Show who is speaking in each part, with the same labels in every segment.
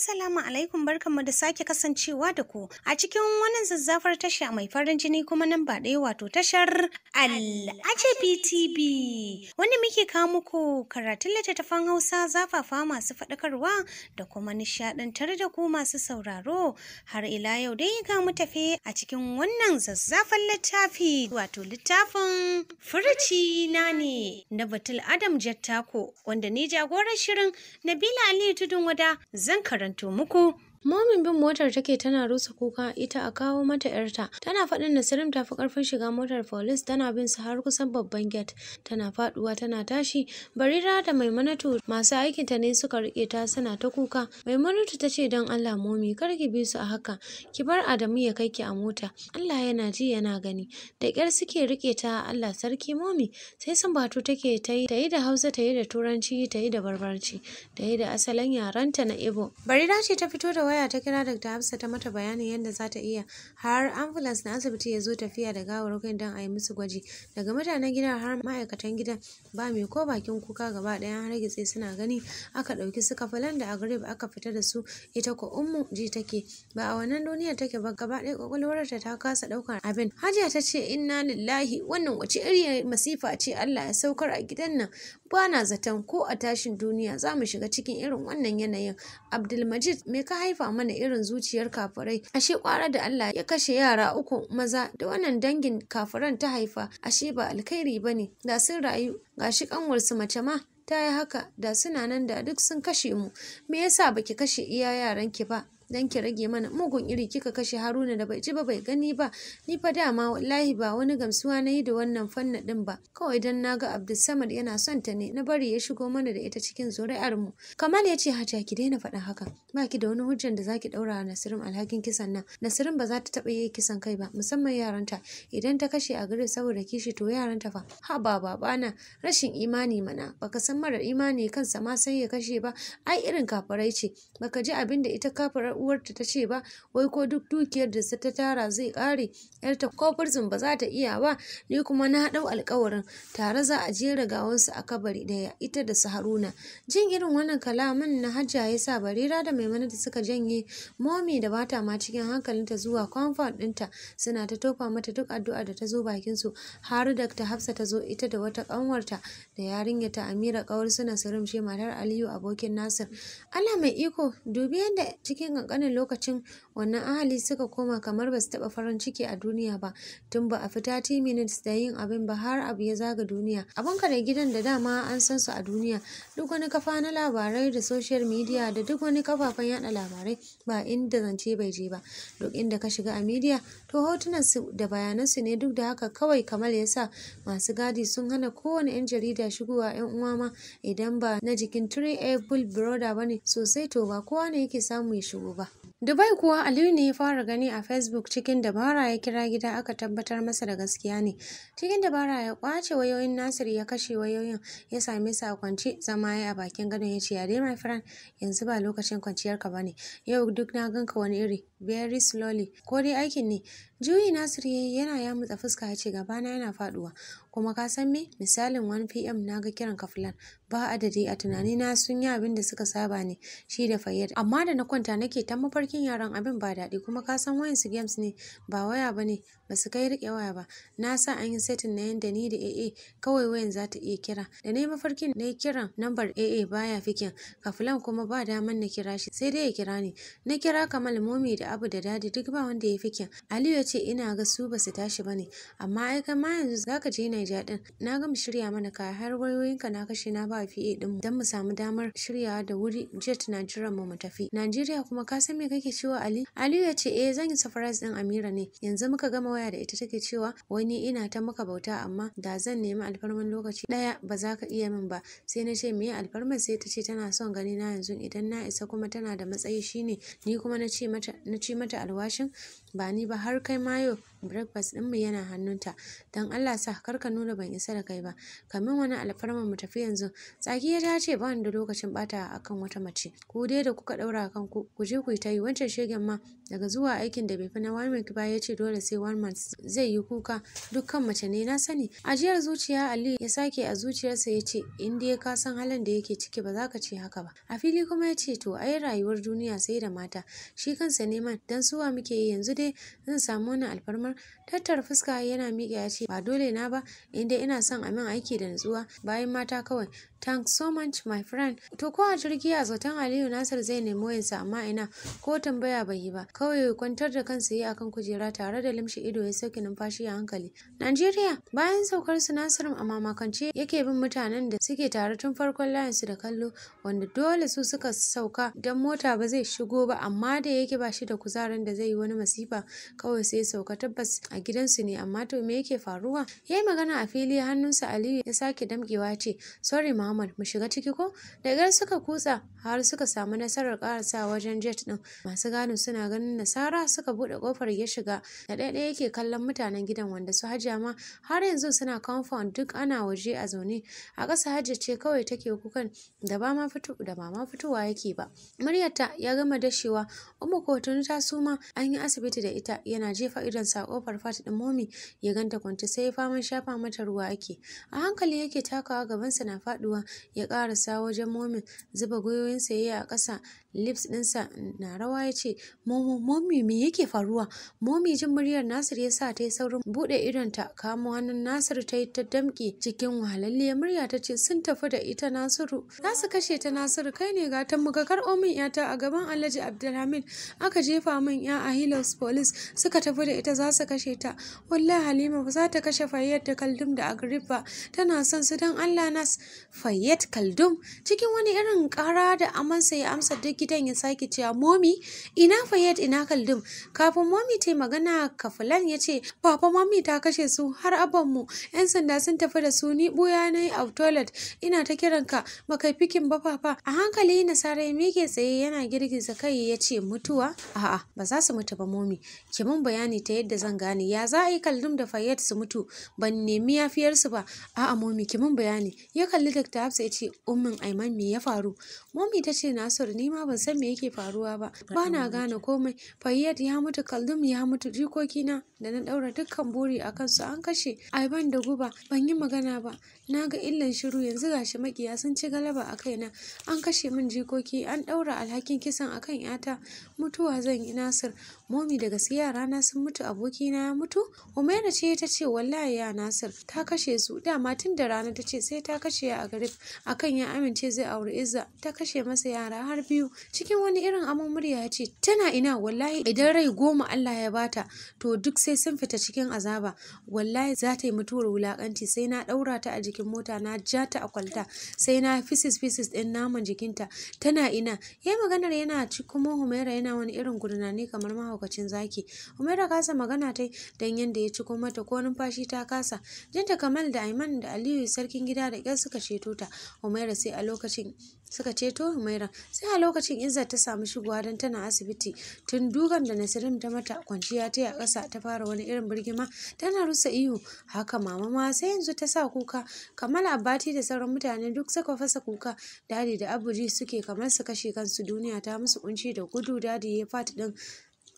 Speaker 1: Assalamu alaikum barkanmu da sake kasancewa da ku a cikin wannan zazzafar tasha mai farin jini kuma nan ba ɗaya wato tashar Al'ajabi TV wanda muke kawo muku karatun littattafan Hausa zafafa masu faɗakarwa da kuma nishaɗantar da ku masu sauraro har ila yau dai ga mu tafe a cikin wannan zazzafan littafi wato littafin furuci na ne na Batul Adam Jattako wanda ni jagorar shirin Nabila ali Tudun Wada zan karanta karanto muku Momin bin motar take tana rusa kuka ita a kawo mata ‘yarta. Tana faɗin Nasirim ta fi ƙarfin shiga motar police tana bin su har kusan babban gate. Tana faɗuwa tana tashi. Barira da Maimunatu masu aikinta ne suka riƙe ta suna ta kuka. Maimunatu ta ce don Allah momi kar ki bi su a haka. Ki bar Adamu ya kai ki a mota. Allah yana ji yana gani. Da ƙyar suke riƙe ta Allah sarki momi. Sai Sambatu take ta yi ta da Hausa ta da Turanci ta da Barbarci ta da asalin yaranta na Ibo. Barira ce ta fito da waya ta kira Dr. Hafsa ta mata bayanin yadda za ta iya har ambulance na asibiti ya zo tafiya da gawar kai don a yi musu gwaji. Daga mutanen gidan har ma'aikatan gidan ba mai ko bakin kuka gaba ɗaya har gitse suna gani aka ɗauki suka falan da agrib aka fita da su ita ko ummu ji take ba a wannan duniyar take ba gaba ɗaya kwakwalwarta ta kasa ɗaukar abin. Hajiya ta ce inna lillahi wannan wace iri masifa ce Allah ya saukar a gidan nan ba na zaton ko a tashin duniya za mu shiga cikin irin wannan yanayin abdulmajid me ka haifa mana irin zuciyar kafirai ashe kwara da allah ya kashe yara uku maza da wannan dangin kafiran ta haifa ashe ba alkhairi ba ne da sun rayu gashi kanwarsu mace ma ta yi haka da suna nan da duk sun kashe mu me yasa baki kashe iya yaranki ba dan ki rage mana mugun iri kika kashe Haruna da bai ji ba bai gani ba ni fa dama wallahi ba wani gamsuwa na yi da wannan fanna din ba kawai dan naga Abdulsamad yana son ta ne na bari ya shigo mana da ita cikin zuri'ar mu Kamal ya ce Hajiya ki daina faɗin haka ba ki da wani hujjan da zaki daura Nasirin alhakin kisan nan Nasirin ba za ta taɓa yi kisan kai ba musamman yaranta idan ta kashe a gare saboda kishi to yaranta fa ha ba na rashin imani mana baka san mara imani kansa ma sai ya kashe ba ai irin kafarai ce baka ji abin da ita kafarar uwarta ta ce ba wai ko duk dukiyar da ta tara zai kare yarta ko furzin ba za ta iya ba ni kuma na dau alƙawarin. tare za a jera gawansu a kabari daya ita da su haruna jin irin wannan kalaman na hajja ya sa barira da maimuna da suka janye momi da bata ma cikin hankalinta zuwa kwamfan ɗinta suna ta tofa mata duk addu'a da ta zo bakin su har da ta hafsa ta zo ita da wata ƙanwarta da yarinya ta amira kawar suna surumshe matar aliyu abokin nasir allah mai iko dubi yadda cikin kankanin lokacin wannan ahali suka koma kamar ba su taɓa farin ciki a duniya ba tun ba a fita 30 minutes da yin abin ba har abu ya zaga duniya abun kare gidan da dama an san su a duniya duk wani kafa na labarai da social media da duk wani kafafen yada labarai ba inda zance bai je ba duk inda ka shiga a media to hotunan su da bayanan su ne duk da haka kawai kamar yasa masu gadi sun hana kowane yan jarida shigowa yan uwa ma idan ba na jikin 3A Bull Brother bane sosai to ba kowa ne yake samu ya shigo ba спасибо Dubai kuwa Aliyu ne ya fara gani a Facebook cikin dabara ya kira gida aka tabbatar masa da gaskiya ne. Cikin dabara ya kwace wayoyin Nasiru ya kashe wayoyin ya same su a zama ya a bakin gadon ya ce ya dai my friend yanzu ba lokacin kwanciyar ka bane. Yau duk na ganka wani iri very slowly ko dai aikin ne. Juyi Nasir yana ya mutsa fuska ya ce gabana yana faduwa kuma ka san me misalin 1 pm na ga kiran ka fulan ba adadi a na sun yi abin da suka saba ne shi da Fayyad amma da na kwanta nake ta mafarki mafarkin yaran abin ba daɗi kuma ka san wayansu games ne ba waya ba ne ba su kai riƙe waya ba na sa an yi setin na yanda ni da AA kawai wayan za ta iya kira da na yi mafarkin na yi kiran nambar AA baya fikin kafilan kuma ba daman na kira shi sai dai ya kira ni na kira kamal momi da abu da dadi duk ba wanda ya fikin Aliyu ya ce ina ga su ba su tashi ba ne amma ai ma yanzu za ka je Naija din na gama shirya mana kaya har wayoyin ka na kashe na ba fiye din don mu samu damar shiryawa da wuri jet na mu mu tafi Najeriya kuma ka san me kake take cewa Ali? Aliyu ya ce eh zan yi surprise din Amira ne. Yanzu muka gama waya da ita take cewa wani ina ta maka bauta amma da zan nemi alfarman lokaci daya ba za ka iya min ba. Sai na ce me alfarman sai ta ce tana son gani na yanzu idan na isa kuma tana da matsayi shine ni kuma na ce mata na ce mata alwashin ba ni ba har kai mayo breakfast ɗinmu yana hannunta don Allah sa kar ka nuna ban isa da kai ba kamin wani alfarma mu tafi yanzu tsaki ya ce ba da lokacin bata akan wata mace ku dai da kuka daura kan ku ku je ku yi ta yi wancan shegen ma daga zuwa aikin da bai fi na one ba ya ce dole sai one month zai yi kuka dukkan mace ne na sani ajiyar zuciya Ali ya sake a zuciyarsa ya ce in dai ka san halin da yake ciki ba za ka ce haka ba a fili kuma ya ce to ai rayuwar duniya sai da mata shi kansa neman dan suwa muke yi yanzu dai zan samu wani alfarmar kamar tattara fuska yana miƙe ya ce ba dole na ba inda ina son a min aiki da nutsuwa bayan mata kawai thanks so much my friend to ko a jirgi a zaton aliyu nasir zai nemi wayansa amma ina ko tambaya bai yi ba kawai ya kwantar da kansa yi akan kujera tare da limshi ido ya sauke numfashi a hankali najeriya bayan saukar su nasir a mamakance yake bin mutanen da suke tare tun farkon layin su da kallo wanda dole su suka sauka don mota ba zai shigo ba amma da yake ba shi da kuzarin da zai yi wani masifa kawai sai sauka tabbas tabbas a gidansu ne amma to me yake faruwa ya yi magana a fili hannunsa aliyu ya sake damkewa ce sorry muhammad mu shiga ciki ko da suka kutsa har suka samu nasarar karasa wajen jet din masu gano suna ganin nasara suka buɗe kofar ya shiga da ɗaya yake kallon mutanen gidan wanda su hajja ma har yanzu suna confound duk ana waje a zaune a ƙasa hajja ce kawai take kukan da ba ma fito da ba ma fitowa yake ba muryarta ya gama dashewa umma kotun ta suma an yi asibiti da ita yana jefa idon sa kofar fat din momi ya ganta kwance sai ya faman shafa mata ruwa ake a hankali yake takawa gabansa na faduwa ya karasa wajen momin zuba gwiwoyinsa yayi a ƙasa lips ɗinsa na rawa ya ce momi me yake faruwa momi jin muryar nasir ya sa ta yi saurin buɗe ta kamo hannun nasir ta yi ta damƙe cikin wahalalliyar murya ta ce sun tafi da ita nasiru za su kashe ta nasiru kai ne ga mu ka karɓo min yata a gaban alhaji abdulhamid aka jefa min ya a hilos police suka tafi da ita za su su kashe ta wallahi halima ba za ta kashe fayyad da kaldum da agrib ba tana son su Dan allah nas fayyad kaldum cikin wani irin kara da amansa ya amsa duk gidan ya sake cewa momi ina fayyad ina kaldum kafin momi ta magana kafulan ya ce papa momi ta kashe su har mu. yan sanda sun tafi da su ni buya na yi a toilet ina ta kiranka ka. fikin ba papa a hankali na ya mike tsaye yana girgiza kai ya ce mutuwa a'a ba za su mutu ba momi ki mun bayani ta yadda zan zan gane ya za a yi kallum da fayyad su mutu ban nemi yafiyarsu ba a'a momi ki mun bayani ya kalli dr hafsa ya ce ummin aiman me ya faru Momi ta ce Nasiru ni ma ban san me yake faruwa ba. Ba na gane komai. Fayyad ya mutu, Kaldum ya mutu, jikokina da na daura dukkan buri a kansu an kashe. Ai da guba, ban yi magana ba. Na ga illan shiru yanzu gashi makiya sun ci galaba a kaina. An kashe min jikoki, an daura alhakin kisan akan yata. Mutuwa zan yi Nasir. Momi da gaske rana sun mutu abokina ya mutu? Umaira ce ta ce wallahi ya Nasir ta kashe su. Dama tun da rana ta ce sai ta kashe ya a garif akan ya amince zai auri Izza. Ta kashe masa yara har biyu cikin wani irin amon murya ya ce tana ina wallahi idan rai goma Allah ya bata to duk sai sun fita cikin azaba wallahi za ta yi mutuwar wulakanci sai na daura ta a jikin mota na ja ta a kwalta sai na fisis fisis din naman jikinta tana ina yayi maganar yana ci kuma Humaira yana wani irin gurnani kamar mahaukacin zaki Humaira kasa magana ta dan yanda ya ci kuma ta ko numfashi ta kasa jinta Kamal da Aiman da Aliyu sarkin gida da ƙyar suka ceto ta Humaira sai a lokacin suka ceto Humaira sai a lokacin Izzat ta samu shigowa don tana asibiti tun dukan da Nasirin ta mata kwanciya ta a ƙasa ta fara wani irin birgima tana rusa iyo? haka mama ma sai yanzu ta sa kuka Kamal Abati da sauran mutane duk suka fasa kuka dadi da Abuji suke kamar su kashe kansu duniya ta musu kunci da gudu dadi ya fati din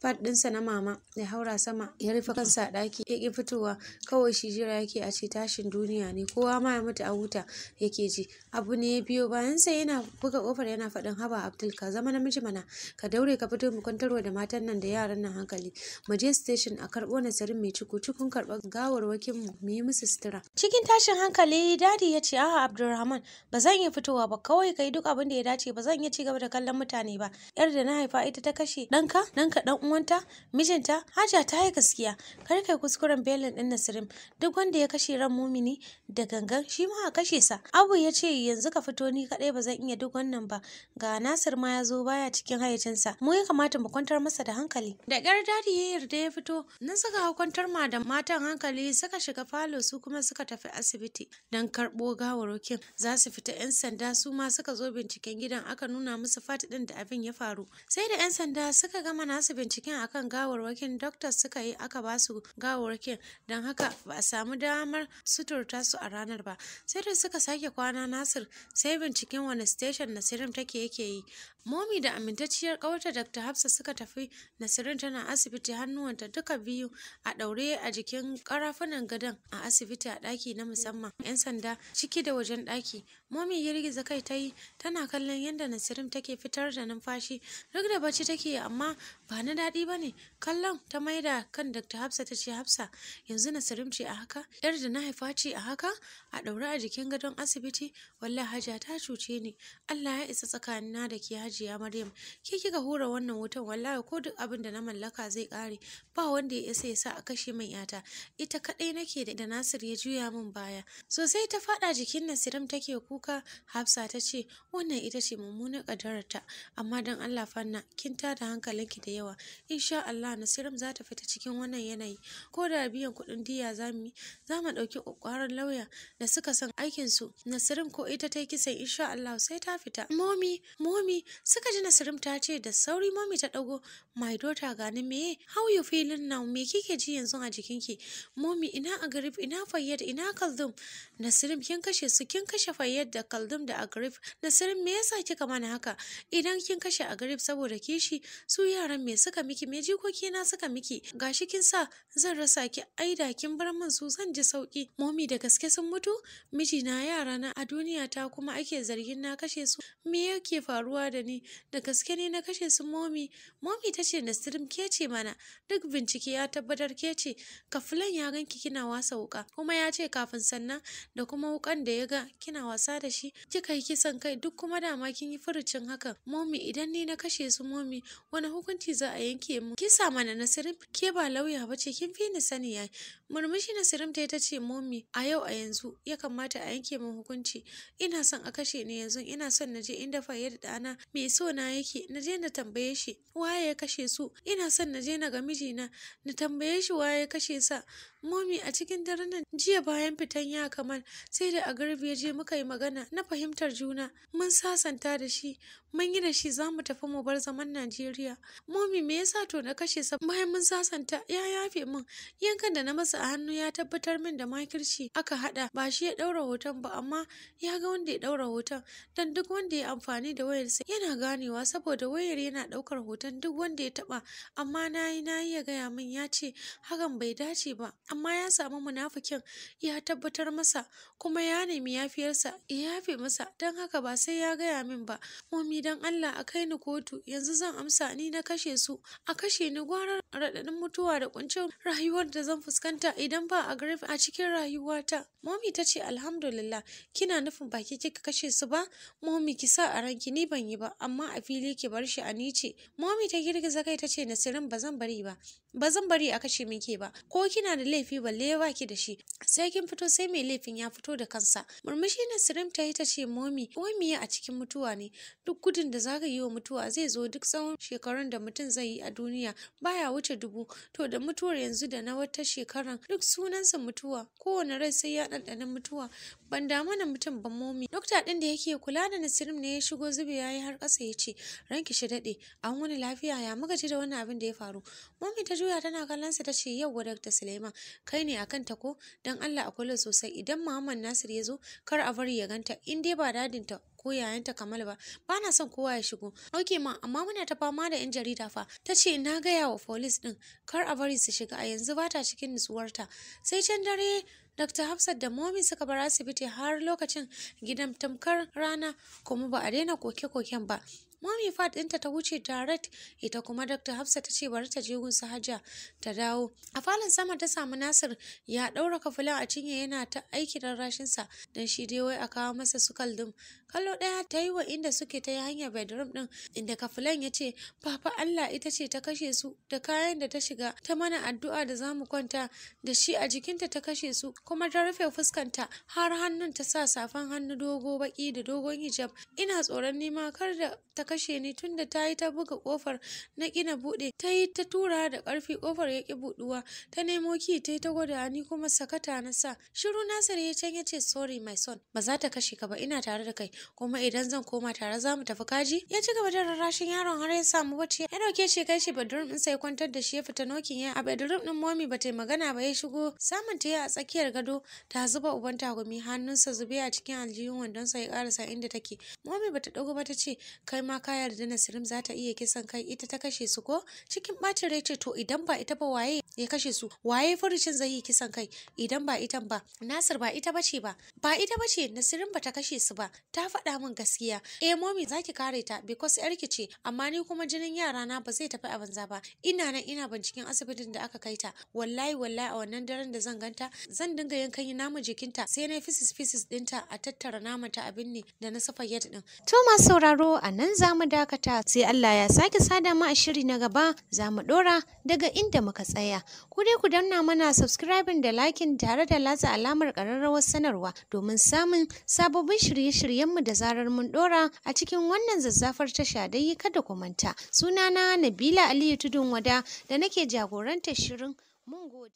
Speaker 1: Fat ɗinsa na mama ya haura sama ya rufe kansa a ɗaki ya fitowa kawai shi jira yake a ce tashin duniya ne kowa ma ya mutu a huta yake ji abu ne ya biyo bayansa yana buga ƙofar yana faɗin haba Abdul ka zama namiji mana ka daure ka fito mu kwantarwa da matan nan da yaran nan hankali mu je station a karɓo nasarin mai ciku cikin karɓar gawarwakin mu mu yi musu sutura. Cikin tashin hankali dadi ya ce a'a Abdulrahman ba zan iya fitowa ba kawai kai duk abin da ya dace ba zan iya ci gaba da kallon mutane ba yar da na haifa ita ta kashe ɗanka ɗanka ɗan uwanta mijinta haja ta yi gaskiya kar kai kuskuren belin din nasirim duk wanda ya kashe ran mumini da gangan shi ma a kashe sa abu ya ce yanzu ka fito ni kadai ba zan iya duk wannan ba ga nasir ma ya zo baya cikin hayyacinsa mu ya kamata mu kwantar masa da hankali da ƙyar dadi ya yarda ya fito nan suka hau kwantar ma da matan hankali suka shiga falo su kuma suka tafi asibiti don karɓo gawarokin za su fita 'yan sanda su ma suka zo binciken gidan aka nuna musu fati ɗin da abin ya faru sai da 'yan sanda suka gama nasu binciken binciken akan gawarwakin doctors suka yi aka ba su gawarwakin don haka ba a samu damar suturta su a ranar ba sai da suka sake kwana nasir sai binciken wani station nasirin take yake yi momi da amintacciyar kawata dr hafsa suka tafi nasirin tana asibiti hannuwanta duka biyu a daure a jikin karafunan gadon a asibiti a ɗaki na musamman 'yan sanda ciki da wajen ɗaki momi girgiza kai ta yi tana kallon yadda nasirin take fitar da numfashi duk da bacci take amma ba na daɗi ba ne kallon ta maida kan dr hafsa ta ce hafsa yanzu na ce a haka yar da na haifa ce a haka a ɗaure a jikin gadon asibiti wallah hajiya ta cuce ni allah ya isa tsakanin na da ke hajiya maryam ke kika hura wannan wutan wallahi ko duk abin da na mallaka zai kare ba wanda ya isa ya sa a kashe min yata ita kaɗai nake da nasir ya juya min baya sosai ta faɗa jikin nasirim take kuka hafsa ta ce wannan ita ce mummunar ƙadararta amma don allah fanna kin tada hankalinki da yawa insha Allah Nasiram za ta fita cikin wannan yanayi ko da biyan kuɗin diya za mu za mu ɗauki ƙwaƙwaran lauya da suka san aikin su Nasirim ko ita ta yi kisan insha Allah sai ta fita momi momi suka ji Nasirim ta ce da sauri momi ta ɗago my daughter gani me how you feeling now me kike ji yanzu a jikin ki. momi ina agrip ina fayyad ina kaldum Nasirim kin kashe su kin kashe fayyad da kaldum da agrip Nasirim me yasa kika mana haka idan kin kashe agrip saboda kishi su yaran me suka miki me jikoki na suka miki gashi kin sa zan rasa ki ai da kin bar min su zan ji sauki momi da gaske sun mutu miji na yara na a duniya ta kuma ake zargin na kashe su me yake faruwa da ni da gaske ne na kashe su momi momi ta ce nasirim ke ce mana duk bincike ya tabbatar ke ce kafulan ya ganki kina wasa wuka kuma ya ce kafin sannan da kuma wukan da ya ga kina wasa da shi kika yi kisan kai duk kuma dama kin yi furucin hakan momi idan ni na kashe su momi wani hukunci za a yanke yanke mu kin sa mana Nasirim ke ba lauya ba ce kin fi ni sani yayi murmushi Nasirim ta ta ce Momi a yau a yanzu ya kamata a yanke min hukunci ina son a kashe ni yanzu ina son naje inda fa yadda dana mai so na yake na je na tambaye shi waye ya kashe su ina son na na ga mijina na tambaye shi waye ya kashe sa Momi a cikin daren nan jiya bayan fitan ya kamar sai da a garbi ya je muka yi magana na fahimtar juna mun sasanta da shi mun yi da shi za mu tafi mu bar zaman Najeriya. Momi me yasa to na kashe sa bayan mun sasanta ya yafe mun. yankan da na masa a hannu ya tabbatar min da makirci aka hada ba shi ya daura hoton ba amma ya ga wanda ya daura hoton dan duk wanda ya amfani da wayar wayarsa yana ganewa saboda wayar yana daukar hoton duk wanda ya taba amma nayi nayi ya gaya min ya ce hakan bai dace ba amma ya samu munafikin ya tabbatar masa kuma ya nemi yafiyarsa ya yafe masa don haka ba sai ya gaya min ba momi don allah a kai ni kotu yanzu zan amsa ni na kashe su a kashe ni gwarar raɗaɗin mutuwa da kuncin rayuwar da zan fuskanta idan ba a grave a cikin rayuwata momi ta ce alhamdulillah kina nufin baki kika kashe su ba momi ki sa a ranki ni ban yi ba amma a fili ki bar shi a nice momi ta girgiza kai ta ce nasirin ba zan bari ba ba zan bari a kashe min ba ko kina da laifi balle ba ki da shi sai kin fito sai mai laifin ya fito da kansa murmushi na sirim ta yi ta ce momi momi a cikin mutuwa ne duk gudun da zaka yi wa mutuwa zai zo duk tsawon shekarun da mutum zai yi a duniya baya wuce dubu to da mutuwar yanzu da na wata shekaran duk sunansa mutuwa kowane rai sai ya ɗanɗanin mutuwa ban damu da mutum ba momi dokta din da yake kula da nasirim ne ya shigo zube yi har ƙasa ya ce ranki shi daɗe an wani lafiya ya muka ji da wani abin da ya faru momi ta juya tana kallon sa tace yau wa dokta suleiman kai ne akan ta ko dan Allah a kula sosai idan muhammad nasir ya zo kar a bari ya ganta in dai ba ta ko yayanta Kamal ba ba na son kowa ya shigo ok ma amma muna ta fama da yan jarida fa ta ce na gaya wa folis din kar a bari su shiga a yanzu ba ta cikin nutsuwarta sai can dare Dr. Hafsat da Momi suka bar asibiti har lokacin gidan tamkar rana kuma ba a daina koke-koken ba Mami Fat ɗinta ta wuce direct ita kuma Dr. Hafsa ta ce bari ta je gun Hajiya ta dawo. A falon sama ta samu Nasir ya ɗaura kafulan a cinye yana ta aiki rashinsa don shi dai wai a kawo masa su kaldum. Kallo ɗaya ta yi wa inda suke ta yi hanyar bedroom ɗin inda kafulan ya ce Papa Allah ita ce ta kashe su da kayan da ta shiga ta mana addu'a da za mu kwanta da shi a jikinta ta kashe su kuma ta rufe fuskanta har hannun ta sa safan hannu dogo baki da dogon hijab ina tsoron nema kar da ta kashe ni da ta yi ta buga kofar na kina bude ta yi ta tura da karfi kofar ya ki buduwa ta nemo ki ta yi ta gwada ni kuma sakata na sa shiru Nasir ya can ya ce sorry my son ba za ta kashe ka ba ina tare da kai kuma idan zan koma tare za mu tafi kaji ya ci gaba da rarrashin yaron har ya samu bacci ya dauke shi kai shi bedroom din sai kwantar da shi ya fita nokin ya a bedroom din mommy ba ta magana ba ya shigo samun ta a tsakiyar gado ta zuba uban tagumi hannunsa zube a cikin aljihun wandonsa ya karasa inda take mommy ba ta dago ba ta ce kai ma ma ka yarda Nasirim za ta iya kisan kai ita ta kashe su ko cikin ɓacin rai ce to idan ba ita ba waye ya kashe su waye furucin zai yi kisan kai idan ba ita ba Nasir ba ita bace ba ba ita bace Nasirin ba ta kashe su ba ta faɗa min gaskiya eh momi zaki kare ta because yarki ce amma ni kuma jinin yara na ba zai tafi a banza ba ina nan ina binciken asibitin da aka kai ta wallahi wallahi a wannan daren da zan ganta zan dinga yankan yi naman jikinta sai na fisis fisis dinta a tattara ta abin ne da na safa yadda din to masu sauraro a nan za za mu dakata sai Allah ya sake sada mu a shiri na gaba za mu ɗora daga inda muka tsaya. Ku dai ku danna mana subscribing da liking tare da latsa alamar ƙararrawar sanarwa domin samun sababbin shirye-shiryenmu da zarar mun ɗora a cikin wannan zazzafar tasha dai kada ku manta. Sunana Nabila Aliyu Tudun Wada da nake jagorantar shirin mun gode.